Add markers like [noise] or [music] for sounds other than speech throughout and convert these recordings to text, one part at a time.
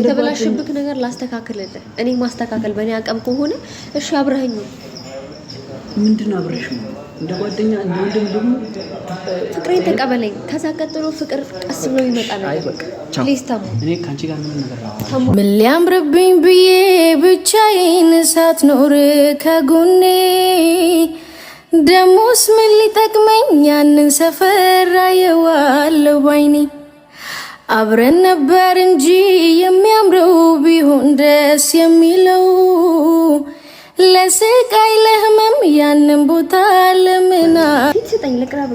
የተበላሸብክ ነገር ላስተካክልልህ፣ እኔ ማስተካከል በእኔ አቅም ከሆነ እሺ፣ አብረኸኝ ምንድን አብረሽ እንደ ጓደኛ እንደ ወንድም ደግሞ ፍቅሬን ተቀበለኝ። ከዛ ቀጥሎ ፍቅር ቀስ ብሎ ይመጣ ነው። እኔ ጋር ምን ነገር ምን ሊያምርብኝ ብዬ ብቻዬን ሳትኖር ከጎኔ ደሞስ ምን ሊጠቅመኝ ያንን ሰፈራ የዋለው ባይኔ አብረን ነበር እንጂ የሚያምረው ቢሆን ደስ የሚለው ለስቃይ ለህመም ያንን ቦታ ለምና ሰጠኝ ልቅረብ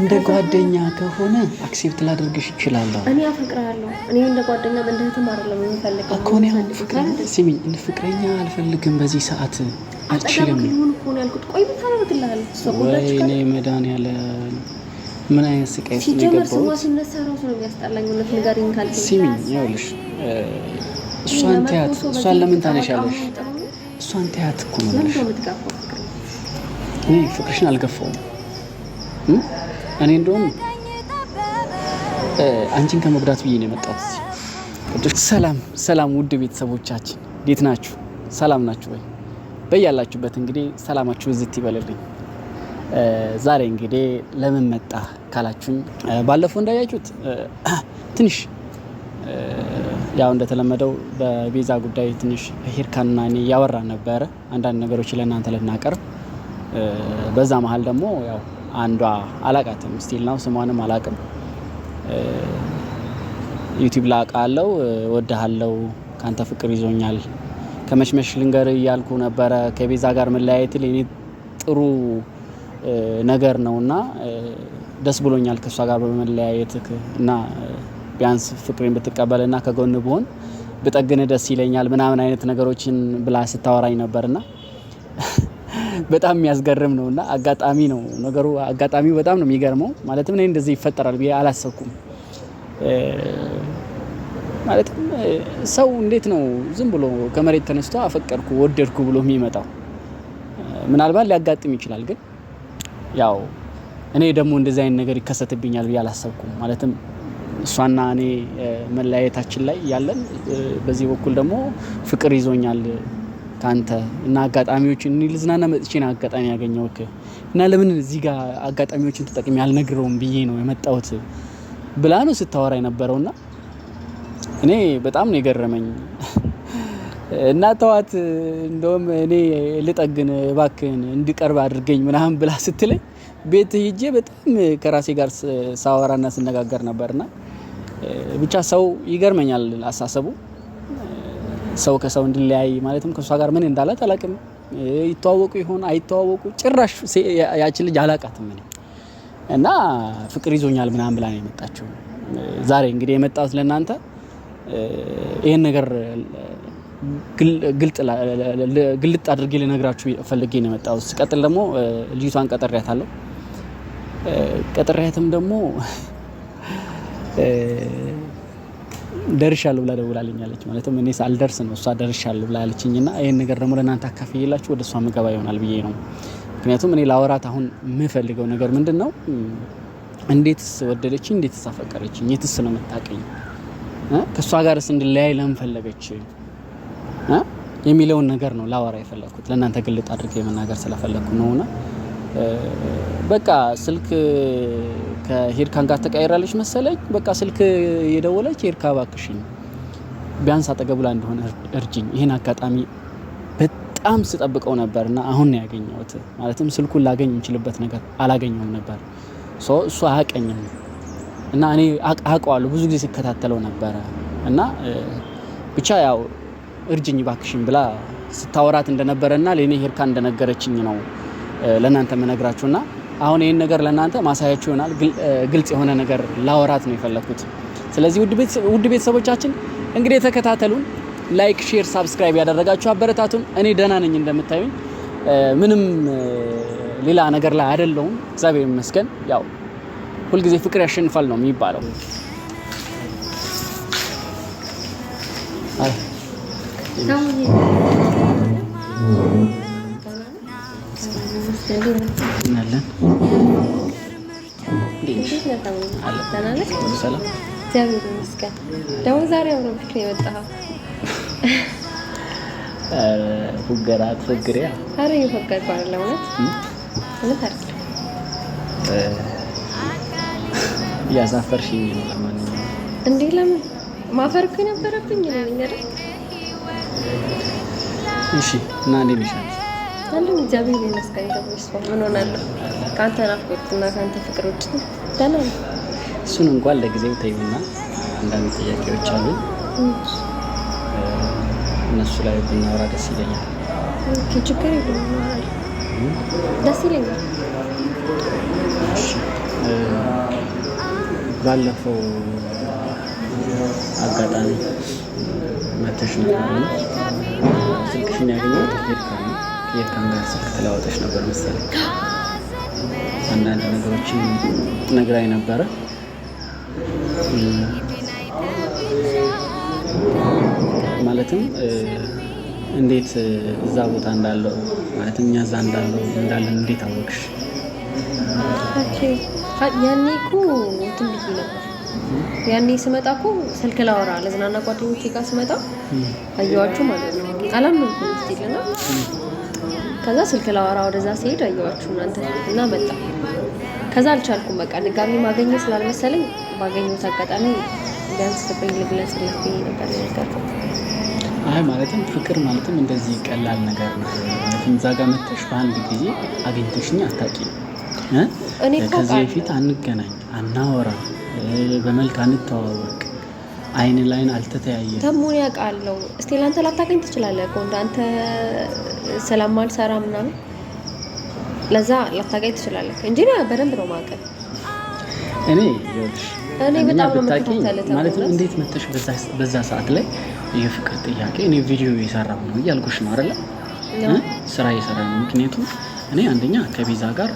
እንደ ጓደኛ ከሆነ አክሴፕት ላደርግሽ ይችላለሁ። እኔ አፈቅራለሁ። እኔ እንደ ጓደኛ በእንደህትም አይደለም የምፈልገው እኮ እኔ አሁን ፍቅረኛ ስሚኝ፣ አልፈልግም በዚህ ሰዓት አልችልም። ቆይ መድኃኒዓለም ምን አይነት ስቃይ ውስጥ ሲጀመር ስሟ ሲነሳ ነው የሚያስጠላኝ። እውነት ንገሪኝ ካልኩኝ ሲሚኝ ይኸውልሽ፣ እሷን ትያት፣ እሷን ለምን ታነሻለሽ? እሷን ትያት እኮ ነው የምልሽ። እኔ ፍቅርሽን አልገፋውም። እኔ እንደውም አንቺን ከመጉዳት ብዬ ነው የመጣሁት። ሰላም ሰላም፣ ውድ ቤተሰቦቻችን እንዴት ናችሁ? ሰላም ናችሁ ወይ? በያላችሁበት እንግዲህ ሰላማችሁ ብዝት ይበልልኝ። ዛሬ እንግዲህ ለምን መጣ ካላችሁኝ፣ ባለፈው እንዳያችሁት ትንሽ ያው እንደተለመደው በቪዛ ጉዳይ ትንሽ ሂርካና እኔ እያወራ ነበረ አንዳንድ ነገሮች ለእናንተ ልናቀርብ። በዛ መሀል ደግሞ ያው አንዷ አላቃትም ስቲል ነው ስሟንም አላቅም ላቃ አለው ወድሃለው፣ ካንተ ፍቅር ይዞኛል፣ ከመሽመሽ ልንገር እያልኩ ነበረ። ከቤዛ ጋር መለያየት ለእኔ ጥሩ ነገር ነው እና ደስ ብሎኛል ከእሷ ጋር በመለያየት እና ቢያንስ ፍቅሬን ብትቀበል እና ከጎን ብሆን ብጠግን ደስ ይለኛል ምናምን አይነት ነገሮችን ብላ ስታወራኝ ነበር እና [laughs] በጣም የሚያስገርም ነው እና አጋጣሚ ነው ነገሩ። አጋጣሚው በጣም ነው የሚገርመው። ማለትም እኔ እንደዚህ ይፈጠራል ብዬ አላሰብኩም። ማለትም ሰው እንዴት ነው ዝም ብሎ ከመሬት ተነስቶ አፈቀድኩ ወደድኩ ብሎ የሚመጣው? ምናልባት ሊያጋጥም ይችላል ግን ያው እኔ ደግሞ እንደዚህ አይነት ነገር ይከሰትብኛል ብዬ አላሰብኩም። ማለትም እሷና እኔ መለያየታችን ላይ ያለን በዚህ በኩል ደግሞ ፍቅር ይዞኛል ከአንተ እና አጋጣሚዎች እኔ ልዝናና መጥቼ ነው አጋጣሚ ያገኘሁት እና ለምን እዚህ ጋር አጋጣሚዎችን ተጠቅሚ አልነግረውም ብዬ ነው የመጣሁት ብላ ነው ስታወራ የነበረውና እኔ በጣም ነው የገረመኝ። እና ተዋት እንደውም እኔ ልጠግን እባክህን እንድቀርብ አድርገኝ ምናምን ብላ ስትለኝ ቤት ሂጄ በጣም ከራሴ ጋር ሳወራና ስነጋገር ነበርና ብቻ ሰው ይገርመኛል አሳሰቡ ሰው ከሰው እንድለያይ ማለትም ከእሷ ጋር ምን እንዳላት አላቅም። ይተዋወቁ ይሆን አይተዋወቁ ጭራሽ ያችን ልጅ አላቃትም እኔ እና ፍቅር ይዞኛል ምናምን ብላ ነው የመጣችው። ዛሬ እንግዲህ የመጣሁት ለእናንተ ይህን ነገር ግልጥ አድርጌ ልነግራችሁ ፈልጌ ነው የመጣሁት። ስቀጥል ደግሞ ልጅቷን አለው። ቀጠሪያትም ደግሞ ደርሻለሁ ብላ ደውላልኛለች። ማለትም እኔ ሳልደርስ ነው እሷ ደርሻለሁ ብላ ያለችኝ እና ይህን ነገር ደግሞ ለእናንተ አካፍዬላችሁ ወደ እሷ ምገባ ይሆናል ብዬ ነው። ምክንያቱም እኔ ለአወራት አሁን የምፈልገው ነገር ምንድን ነው? እንዴትስ ወደደችኝ? እንዴትስ አፈቀረችኝ? የትስ ነው መታቀኝ? ከእሷ ጋርስ እንድለያይ ለምን ፈለገች? የሚለውን ነገር ነው ላወራ የፈለግኩት ለእናንተ ግልጥ አድርጌ መናገር ስለፈለግኩ ነውና በቃ ስልክ ከሄድካን ጋር ተቀይራለች መሰለኝ። በቃ ስልክ የደወለች ሄድካ ባክሽኝ ቢያንስ አጠገብ ላይ እንደሆነ እርጅኝ። ይህን አጋጣሚ በጣም ስጠብቀው ነበር እና አሁን ነው ያገኘሁት። ማለትም ስልኩን ላገኝ የምችልበት ነገር አላገኘውም ነበር። እሱ አያቀኝም እና እኔ አውቀዋለሁ ብዙ ጊዜ ሲከታተለው ነበረ እና ብቻ ያው እርጅኝ ባክሽኝ ብላ ስታወራት እንደነበረና ለእኔ ሄርካ እንደነገረችኝ ነው ለእናንተ የምነግራችሁና አሁን ይህን ነገር ለእናንተ ማሳያችሁ ይሆናል። ግልጽ የሆነ ነገር ላወራት ነው የፈለግኩት። ስለዚህ ውድ ቤተሰቦቻችን እንግዲህ የተከታተሉን፣ ላይክ፣ ሼር፣ ሳብስክራይብ ያደረጋችሁ አበረታቱን። እኔ ደህና ነኝ እንደምታዩኝ፣ ምንም ሌላ ነገር ላይ አይደለሁም። እግዚአብሔር ይመስገን። ያው ሁልጊዜ ፍቅር ያሸንፋል ነው የሚባለው። እግዚአብሔር ይመስገን። ደግሞ ዛሬ አብረን ብቻ ነው የመጣኸው። ፉገራ ትፎግሬ አረ እየፎገርኩ አይደለም። እውነት እውነት አይደለም። እያሳፈርሽኝ ነው። ለማንኛውም እንዴ ለምን ማፈር የነበረብኝ ነኝ አይደል? እሺ እና እንዴት ነሽ? አንዱ እግዚአብሔር ይመስገን ምን ሆናለሁ። ከአንተ ናፍቆትና ከአንተ ፍቅር ውጭ ደህና ነው። እሱን እንኳን ለጊዜው ተይውና አንዳንድ ጥያቄዎች አሉ። እነሱ ላይ ብናወራ ደስ ይለኛል። ችግር የለውም፣ ደስ ይለኛል። ባለፈው አጋጣሚ መተሽ ነው ስልክሽን ያገኘሁት ከኤርካን ጋር ስልክ ተለዋውጠሽ ነበር መሰለኝ። አንዳንድ ነገሮችን ነግራኝ ነበረ። ማለትም እንዴት እዛ ቦታ እንዳለው ማለት እኛ እዛ እንዳለው እንዳለን እንዴት አወቅሽ? ያኔ እኮ እንትን ብዬሽ ነበር ያኔ ስመጣ እኮ ስልክ ላወራ ለዝናና ጓደኞቼ ጋር ስመጣ አየዋችሁ ማለት ነው። አላመንኩም ስቲል ከዛ ስልክ ላወራ ወደዛ ሲሄድ አየዋችሁ እናንተ እና መጣ። ከዛ አልቻልኩም። በቃ ድጋሚ ማገኘ ስላልመሰለኝ ባገኘሁት አጋጣሚ ቢያንስ ፍቅር ልግለጽለት ብዬ ነበር ነገር አይ ማለትም ፍቅር ማለትም እንደዚህ ቀላል ነገር ነው። እዛ ጋር መተሽ በአንድ ጊዜ አግኝተሽኝ አታውቂም። ከዚህ በፊት አንገናኝ አናወራ በመልክ አንተዋወቅ፣ አይን ላይን አልተተያየ ተሙን ያውቃለው። እስቲ ለአንተ ላታገኝ ትችላለህ እኮ እንዳንተ ስለማልሰራ ምናምን ለዛ ላታገኝ ትችላለህ እንጂ በደንብ ነው ማቀል እኔ እኔ በጣም ነው ማለት ነው። እንዴት መጥተሽ በዛ ሰዓት ላይ የፍቅር ጥያቄ እኔ ቪዲዮ የሰራሁ ነው እያልኩሽ ነው አይደለ? ስራ የሰራ ነው። ምክንያቱም እኔ አንደኛ ከቤዛ ጋር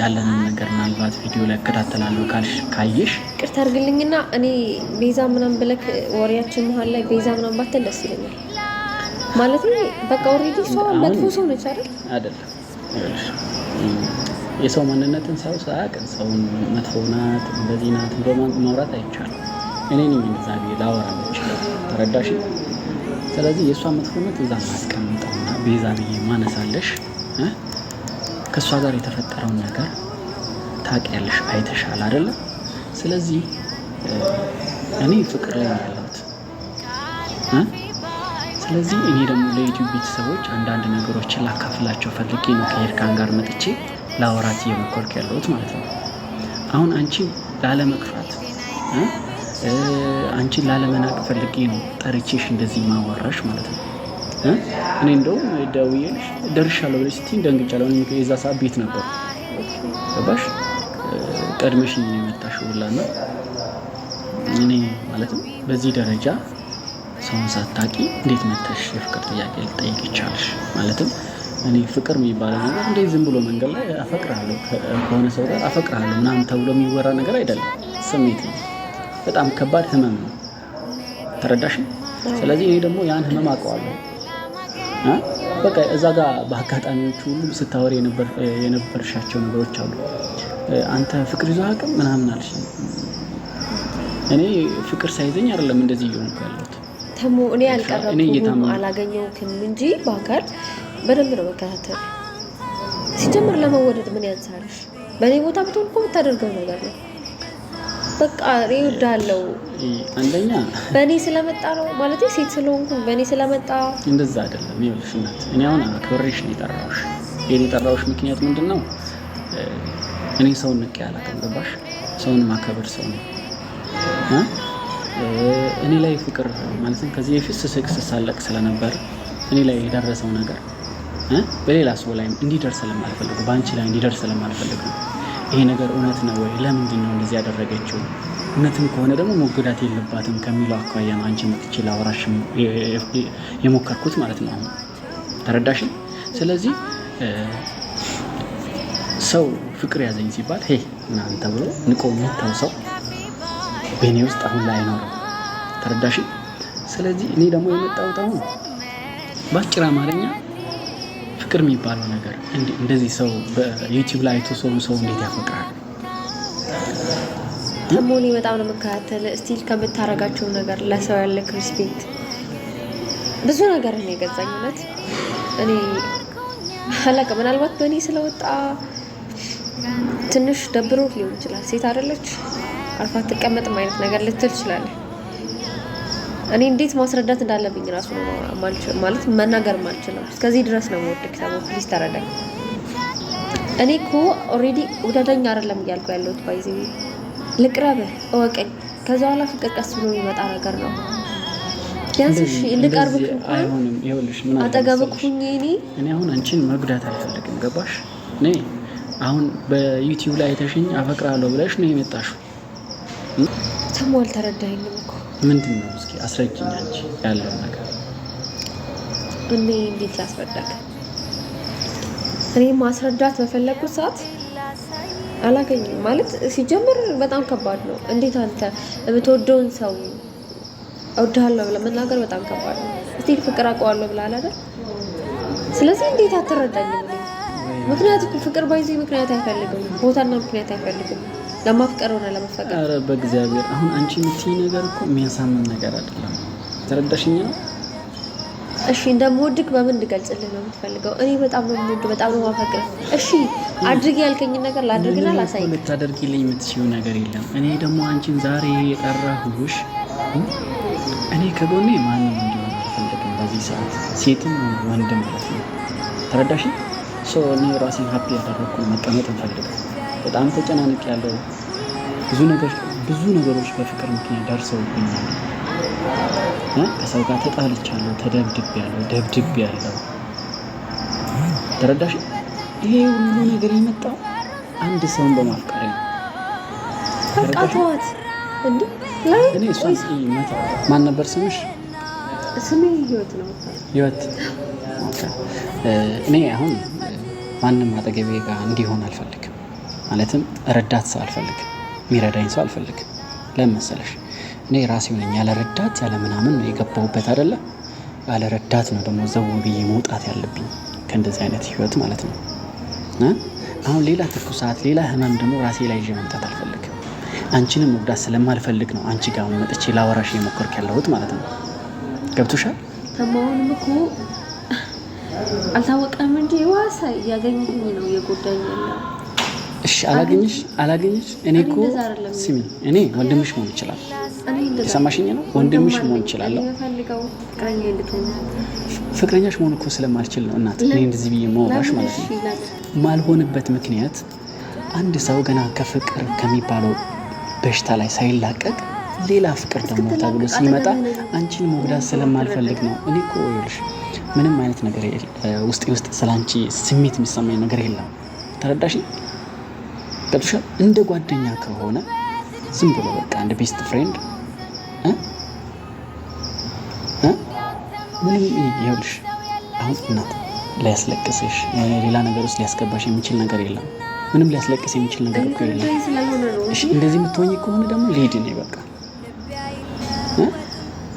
ያለንን ነገር ምናልባት ቪዲዮ ላይ እከታተላለሁ ካልሽ ካየሽ ቅርታ አድርግልኝና እኔ ቤዛ ምናምን ብለክ ወሬያችን መሀል ላይ ቤዛ ምናምን ባትል ደስ ይለኛል። ማለት በቃ ኦልሬዲ እሷ መጥፎ ሰው ነች አይደል? አይደለም የሰው ማንነትን ሰው ሳያውቅን ሰውን መጥፎ ናት እንደዚህ ናት ብሎ ማውራት አይቻልም። እኔን የሚዛ ላወራ የምችለው ተረዳሽ? ስለዚህ የእሷ መጥፎነት እዛ ማስቀምጠውና ቤዛ ብዬ ማነሳለሽ ከእሷ ጋር የተፈጠረውን ነገር ታውቂያለሽ፣ አይተሻል አይደለም? ስለዚህ እኔ ፍቅር ላይ ያለሁት ስለዚህ እኔ ደግሞ ለዩቲዩብ ቤተሰቦች አንዳንድ ነገሮችን ላካፍላቸው ፈልጌ ነው ከኤርካን ጋር መጥቼ ለአወራት እየሞከርኩ ያለሁት ማለት ነው። አሁን አንቺን ላለመክፋት አንቺን ላለመናቅ ፈልጌ ነው ጠርቼሽ እንደዚህ ማወራሽ ማለት ነው። እኔ እንደውም ደውዬልሽ ደርሻለሁ ብለሽ ስትይኝ ደንግጫለሁ። የዛ ሰዓት ቤት ነበር ገባሽ? ቀድመሽ የመጣሽው ሁላ እና እኔ ማለትም በዚህ ደረጃ ሰውን ሳታቂ እንዴት መተሽ የፍቅር ጥያቄ ልጠይቅ ይቻልሽ? ማለትም እኔ ፍቅር የሚባለው ነገር እንደ ዝም ብሎ መንገድ ላይ አፈቅርሃለሁ ከሆነ ሰው ጋር አፈቅርሃለሁ ምናምን ተብሎ የሚወራ ነገር አይደለም። ስሜት ነው። በጣም ከባድ ህመም ነው። ተረዳሽ? ስለዚህ እኔ ደግሞ ያን ህመም አውቀዋለሁ። በቃ እዛ ጋር በአጋጣሚዎቹ ሁሉ ስታወሪ የነበርሻቸው ነገሮች አሉ። አንተ ፍቅር ይዞ አቅም ምናምን አልሽ። እኔ ፍቅር ሳይዘኝ አይደለም እንደዚህ እየሆንኩ ያለሁት ተሞ እኔ ያልቀረብኩም አላገኘሁክም እንጂ በአካል በደንብ ነው መከታተል። ሲጀምር ለመወደድ ምን ያንሳልሽ? በእኔ ቦታ ብትሆን እኮ የምታደርገው ነገር ነው። በቃ እኔ እወድሃለሁ አንደኛ በእኔ ስለመጣ ነው ማለት ሴት ስለሆንኩ በእኔ ስለመጣ እንደዛ አይደለም። ይኸውልሽ እናት እኔ አሁን አክብሬሽ ነው የጠራሁሽ። ይሄን የጠራሁሽ ምክንያት ምንድን ነው? እኔ ሰውን ንቄ አላውቅም። ገባሽ? ሰውን ማከበር ሰው ነው። እኔ ላይ ፍቅር ማለትም ከዚህ በፊት ስስቅ ስሳለቅ ስለነበር እኔ ላይ የደረሰው ነገር በሌላ ሰው ላይ እንዲደርስ ስለማልፈልግ በአንቺ ላይ እንዲደርስ ስለማልፈልግ ነው ይሄ ነገር እውነት ነው ወይ? ለምንድን ነው እንደዚህ ያደረገችው? እውነትም ከሆነ ደግሞ መጎዳት የለባትም ከሚለው አኳያ ነው አንቺ የምትችል አወራሽ የሞከርኩት ማለት ነው። አሁን ተረዳሽን? ስለዚህ ሰው ፍቅር ያዘኝ ሲባል ሄ ምናምን ተብሎ ንቆ የሚተው ሰው በእኔ ውስጥ አሁን ላይ አይኖርም። ተረዳሽን? ስለዚህ እኔ ደግሞ የመጣሁት አሁን በአጭር አማርኛ ፍቅር የሚባለው ነገር እንደዚህ ሰው በዩቲዩብ ላይ አይቶ ሰው ሰው እንዴት ያፈቅራል? እሞኔ በጣም ነው መከታተል ስቲል ከምታረጋቸው ነገር ለሰው ያለ ሪስፔክት ብዙ ነገር ነው የገዛኝ። እውነት እኔ አላውቅም፣ ምናልባት በእኔ ስለወጣ ትንሽ ደብሮ ሊሆን ይችላል። ሴት አይደለች አርፋ አትቀመጥም አይነት ነገር ልትል ትችላለህ። እኔ እንዴት ማስረዳት እንዳለብኝ ራሱ ማለት መናገር ማልችለው እስከዚህ ድረስ ነው። ወድ ኪታቦ ፕሊስ ተረዳኝ። እኔ እኮ ኦልሬዲ ውደደኝ አይደለም እያልኩ ያለሁት ባይዜ ልቅረብህ፣ እወቀኝ። ከዚ በኋላ ፍቅር ቀስ ብሎ የሚመጣ ነገር ነው። ቢያንስ ልቀርብህ እኔ አሁን አንቺን መጉዳት አልፈልግም። ገባሽ? እኔ አሁን በዩቲዩብ ላይ አይተሽኝ አፈቅራለሁ ብለሽ ነው የመጣሽው ተሙ አልተረዳኝም እኮ ምንድን ነው እስኪ አስረጅኝ አንቺ ያለው ነገር እኔ እንዴት ላስረዳክ እኔ ማስረዳት በፈለግኩት ሰዓት አላገኝም ማለት ሲጀምር በጣም ከባድ ነው እንዴት አንተ የምትወደውን ሰው እወድሃለሁ ብለህ መናገር በጣም ከባድ ነው እስቲ ፍቅር አውቀዋለሁ ብለሃል አይደል ስለዚህ እንዴት አትረዳኝም ምክንያቱ ፍቅር ባይዜ ምክንያት አይፈልግም ቦታና ምክንያት አይፈልግም ለማፍቀር ሆነ ለመፈቀር። ኧረ በእግዚአብሔር አሁን አንቺ የምትይኝ ነገር እኮ የሚያሳምን ነገር አይደለም። ተረዳሽኝ ነው? እሺ እንደምወድግ በምን እንድገልጽልህ ነው የምትፈልገው? እኔ በጣም ነው የምወድ፣ በጣም ነው ማፈቅር። እሺ አድርግ ያልከኝን ነገር ላድርግና ላሳይ። ልታደርጊልኝ የምትችይው ነገር የለም። እኔ ደግሞ አንቺን ዛሬ የጠራሁሽ እኔ ከጎኔ ማንም እንዲሆን አልፈልግም። በዚህ ሰዓት ሴትም ወንድም ማለት ነው። ተረዳሽኝ? እኔ ራሴን ሀፒ ያደረግኩን መቀመጥ እንፈልግም በጣም ተጨናንቅ ያለው ብዙ ነገር ብዙ ነገሮች በፍቅር ምክንያት ደርሰውብኛል። ከሰው ጋር ተጣልቻለሁ፣ ተደብድብ ያለው ደብድብ ያለው ተረዳሽ። ይሄ ሁሉ ነገር የመጣው አንድ ሰውን በማፍቀር ነው። እኔ እሷን ማን ነበር ስምሽ? ስሜ ህይወት ነው። ህይወት እኔ አሁን ማንም አጠገቤ ጋር እንዲሆን አልፈልግም። ማለትም ረዳት ሰው አልፈልግም፣ የሚረዳኝ ሰው አልፈልግም። ለምን መሰለሽ እኔ ራሴ ነኝ ያለ ረዳት ያለ ምናምን ነው የገባሁበት አይደለ? ያለ ረዳት ነው ደግሞ ዘው ብዬ መውጣት ያለብኝ ከእንደዚህ አይነት ህይወት ማለት ነው። አሁን ሌላ ትኩሳት፣ ሌላ ህመም ደግሞ ራሴ ላይ ይዤ መምጣት አልፈልግም። አንቺንም መጉዳት ስለማልፈልግ ነው አንቺ ጋር መጥቼ ላወራሽ የሞከርኩ ያለሁት ማለት ነው። ገብቶሻል? ተማውንም እኮ አልታወቀም እንጂ ዋሳ እያገኘኝ ነው የጎዳኝ ያለው እሺ አላገኝሽ አላገኝሽ። እኔ እኮ ስሚ፣ እኔ ወንድምሽ መሆን ይችላል። የሰማሽኝ ነው ወንድምሽ መሆን ይችላለሁ። ፍቅረኛሽ መሆን እኮ ስለማልችል ነው እናት፣ እኔ እንደዚህ ብዬ ማውራሽ ማለት ነው። ማልሆንበት ምክንያት አንድ ሰው ገና ከፍቅር ከሚባለው በሽታ ላይ ሳይላቀቅ ሌላ ፍቅር ደግሞ ተብሎ ሲመጣ አንቺን መጉዳት ስለማልፈልግ ነው። እኔ እኮ ይኸውልሽ ምንም አይነት ነገር ውስጤ ውስጥ ስለ አንቺ ስሜት የሚሰማኝ ነገር የለም። ተረዳሽኝ? ገብቶሻል። እንደ ጓደኛ ከሆነ ዝም ብሎ በቃ እንደ ቤስት ፍሬንድ ምንም ይኸውልሽ፣ አሁን እናት ሊያስለቅስሽ ሌላ ነገር ውስጥ ሊያስገባሽ የሚችል ነገር የለም። ምንም ሊያስለቅስ የሚችል ነገር እኮ የለም። እንደዚህ የምትሆኝ ከሆነ ደግሞ ሊድ ነው በቃ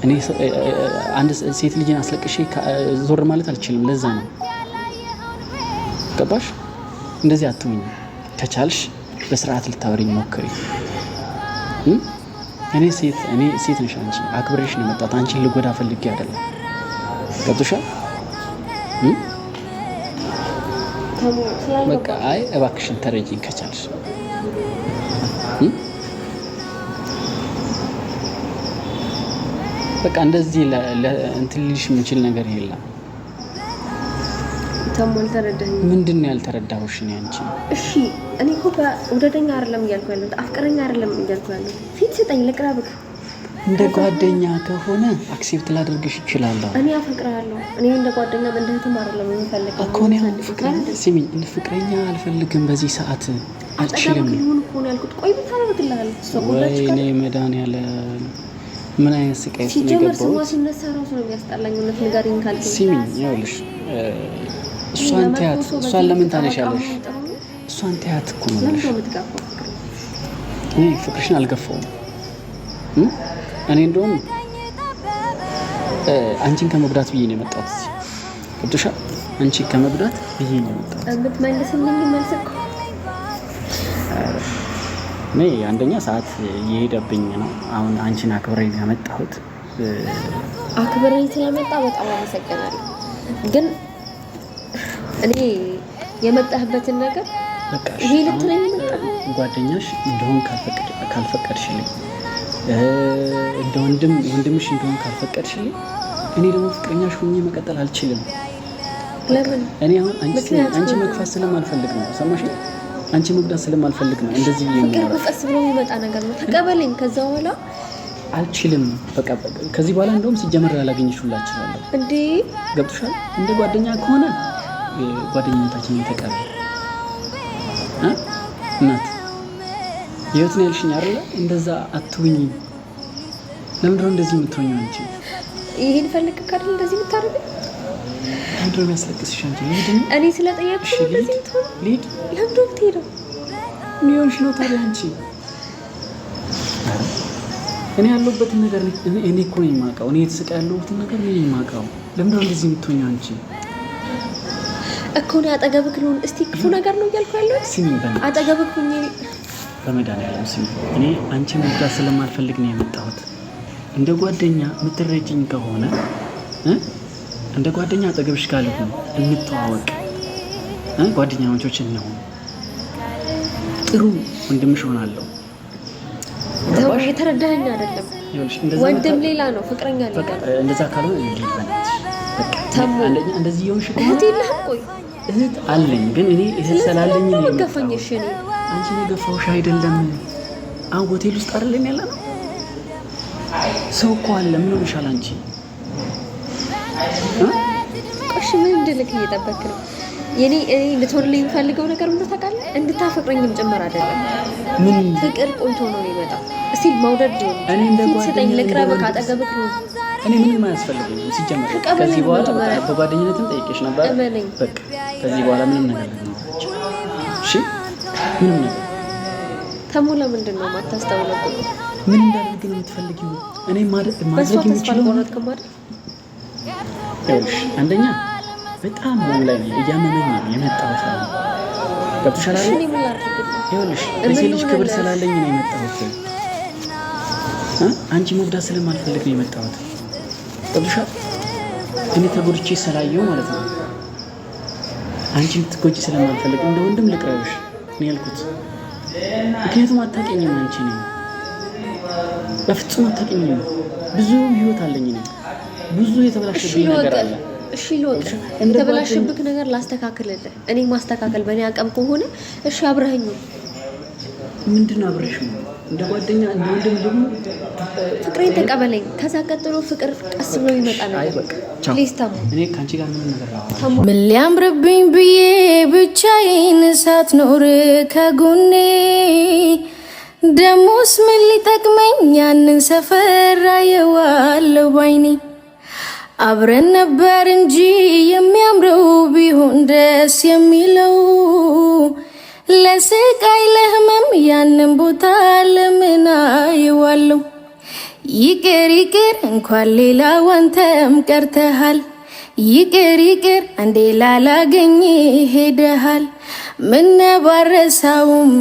እኔ አንድ ሴት ልጅን አስለቅሼ ዞር ማለት አልችልም። ለዛ ነው ገባሽ? እንደዚህ አትሁኝ ከቻልሽ በስርዓት ልታወሪኝ ሞክሪ። እኔ ሴት እኔ ሴት ነሽ አንቺ፣ አክብሬሽ ነው የመጣሁት። አንቺን ልጎዳ ፈልጌ አይደለም። ገብቶሻል? በቃ አይ እባክሽን ተረጂኝ ከቻልሽ በቃ እንደዚህ እንትን ልልሽ የምችል ነገር የለም። ተሙ አልተረዳኝ። ምንድን ነው ያልተረዳሁሽ? እኔ አንቺ እሺ፣ እኔ እኮ ውደደኛ አይደለም እያልኩ ያለሁት አፍቅረኛ አይደለም እያልኩ ያለሁት ፊት ስጠኝ ልቅረብክ። እንደ ጓደኛ ከሆነ አክሴፕት ላደርግሽ ይችላለሁ። እኔ አፈቅርሃለሁ። እኔ እንደ ጓደኛ እንደህትም አይደለም የምፈልገው እኮ እኔ ፍቅረኛ ስሚኝ፣ ፍቅረኛ አልፈልግም በዚህ ሰዓት አልችልም። ሆን ሆን ያልኩት ቆይ ብታደርግልሃል። ወይኔ መድኃኒዓለም ምን አይነት ስቃይ ሲጀመር ስሟ ሲነሳ ራሱ ነው የሚያስጠላኝ። እውነት ንገሪኝ ካልሽ ይኸውልሽ እሷን ተያት። እሷን ለምን ታነሻለሽ? እሷን ተያት እኮ ነሽ። ፍቅርሽን አልገፋውም። እኔ እንደውም አንቺን ከመጉዳት ብዬ ነው የመጣሁት። ቅዱሻ አንቺን ከመጉዳት ብዬ ነው የመጣሁት። እኔ አንደኛ ሰዓት እየሄደብኝ ነው። አሁን አንቺን አክብሬ ያመጣሁት አክብሬ ስለመጣ በጣም አመሰግናለሁ ግን እኔ የመጣህበትን ነገር ይሄ ልትለኝ የመጣህ ጓደኛሽ እንደሆን ካልፈቀድሽልኝ እንደ ወንድም ወንድምሽ እንደሆን ካልፈቀድሽልኝ እኔ ደግሞ ፍቅረኛሽ ሆኜ መቀጠል አልችልም። ለምን? እኔ አሁን አንቺ መግፋት ስለማልፈልግ ነው። ሰማሽ? አንቺ መጉዳት ስለማልፈልግ ነው እንደዚህ ብዬ ፍቅር በቀስ ብሎ የሚመጣ ነገር ነው። ተቀበለኝ። ከዛ በኋላ አልችልም። በቃ ከዚህ በኋላ እንደውም ሲጀመር ላላገኝሽ ሁላ እችላለሁ። እንዴ ገብቶሻል? እንደ ጓደኛ ከሆነ ጓደኝነታችን ተቀበል እናት የት ነው ያልሽኝ? አለ እንደዛ አትሁኝ። ለምንድነው እንደዚህ የምትሆኝ? አንቺ ይህን ፈልግ ካል እንደዚህ የምታደርግ ምንድነው የሚያስለቅስሽ? አንቺ እኔ ስለጠየቅሽ እንደዚህ የምትሆን ለምንድነው የምትሄደው? ሊሆንሽ ነው ታዲያ አንቺ እኔ ያለሁበትን ነገር እኔ እኮ ነው የማውቀው። እኔ የተሰቃ ያለሁትን ነገር እኔ ነኝ የማውቀው። ለምንድነው እንደዚህ የምትሆኝ አንቺ? እኮ ነው አጠገብህ ልሁን። እስቲ ክፉ ነገር ነው እያልኩ ያለው አጠገብህ ሁኝ። በመድኃኒዓለም ስሚ፣ እኔ አንቺ መጉዳት ስለማልፈልግ ነው የመጣሁት። እንደ ጓደኛ የምትረጅኝ ከሆነ እንደ ጓደኛ አጠገብሽ ካልሆን እንተዋወቅ፣ ጓደኛ መቾች እንሆን፣ ጥሩ ወንድምሽ ሆናለሁ። የተረዳኸኝ አይደለም ወንድም ሌላ ነው፣ ፍቅረኛ ሌላ እንደዛ ካልሆነ እንደዚህ የሆንሽ ቆይ እህት አለኝ፣ ግን እኔ እህት ስላለኝ ገፋኝሽ። አንቺ የገፋሁሽ አይደለም። አሁን ሆቴል ውስጥ አይደለም ያለ ነው። ሰው እኮ አለ። ምን ሆነሻል አንቺ? ቆሽ ምን እንድልክ እየጠበክ ነው? የኔ እኔ ልትሆንልኝ የምፈልገው ነገር ምን ታውቃለህ? እንድታፈቅረኝም ጭምር አይደለም። ምን ፍቅር ቆንቶ ነው የሚመጣው። እስቲ መውደድ ሊሆን እኔ እንደ ጓደኛ ልቅረብህ፣ ካጠገብህ ነው። እኔ ምንም አያስፈልገኝም ሲጀመር ከዚህ በኋላ በጓደኝነትም ጠይቄሽ ነበር። በቃ ከዚህ በኋላ ምንም ነገር እሺ ምንም ነገር ተሞላ። ምንድን ነው የማታስተውለው? ምን እንዳደርግ ነው የምትፈልጊው? እኔ ማድረግ የምችለው ይኸውልሽ፣ አንደኛ በጣም ሆን ላይ እያመመኝ ነው የመጣሁት። ገብቶሻል አይደል? ይኸውልሽ ለሴት ልጅ ክብር ስላለኝ ነው የመጣሁት። አንቺ መጉዳት ስለማልፈልግ ነው የመጣሁት። ገብቶሻል? እኔ ተጎድቼ ስላየው ማለት ነው አንቺ ልትጎጂ ስለማልፈልግ እንደ ወንድም ልቅረብሽ ነው ያልኩት። ምክንያቱም አታውቂኝም፣ አንቺ ነው በፍጹም አታውቂኝም። ብዙ ህይወት አለኝ ነው ብዙ የተበላሸብኝ ነገር አለ። እሺ ልወቅ፣ የተበላሸብክ ነገር ላስተካክልልህ። እኔ ማስተካከል በእኔ አቅም ከሆነ እሺ፣ አብረኸኝ ምንድን ነው አብረሽ ነው እንደ ጓደኛ እንደ ወንድም ደግሞ ፍቅሬን ተቀበለኝ። ከዛ ቀጥሎ ፍቅር ቀስ ብሎ ይመጣ ነው። ምን ነገር ሊያምርብኝ ብዬ ብቻዬን ሳትኖር ከጎኔ ደሞስ ምን ሊጠቅመኝ ያንን ሰፈራ የዋለው ባይኔ አብረን ነበር እንጂ የሚያምረው ቢሆን ደስ የሚለው ለስቃይ ለህመም ያንን ቦታ ለምን አይዋለው? ይቅር ይቅር እንኳን ሌላ ዋንተም ቀርተሃል። ይቅር ይቅር አንዴ ላላገኝ ሄደሃል። ምነባረሳውም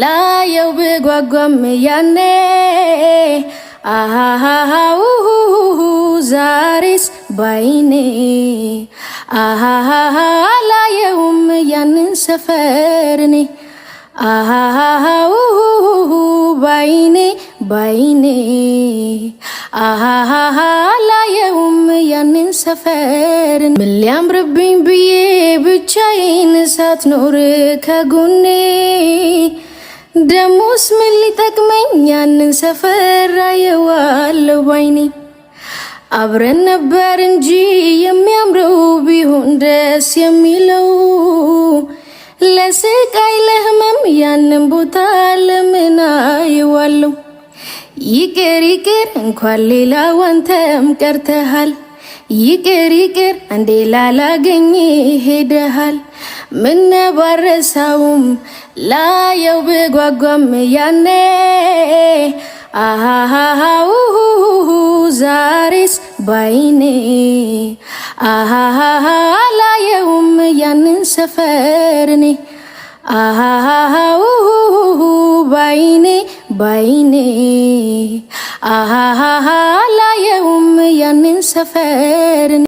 ላየው ብጓጓም ያኔ አሃሃሃውሁሁ ዛሬስ ባይኔ አሃሃሃ ሰፈር እኔ አሃሃው ባይኔ ባይኔ አሃሃ ላየውም ያንን ሰፈር ምን ሊያምርብኝ ብዬ ብቻዬን ሳትኖር ከጎኔ ደሞስ ምን ሊጠቅመኝ ያንን ሰፈር አየዋለሁ ባይኔ አብረን ነበር እንጂ የሚያምረው ቢሆን ደስ የሚለው ለስቃይ ለህመም ያንን ቦታ ለምን አይዋለው? ይቅር ይቅር እንኳን ሌላ ዋንተም ቀርተሃል። ይቅር ይቅር አንዴ ላላገኝ ሄደሃል። ምነባረሳውም ላየው ብጓጓም ያኔ አሃሃው ዛሬስ ባይኔ አሃሃ ላየውም ያንን ሰፈርኔ አሃሃው ባይኔ ባይኔ አሃሃ ላየውም ያንን ሰፈርኔ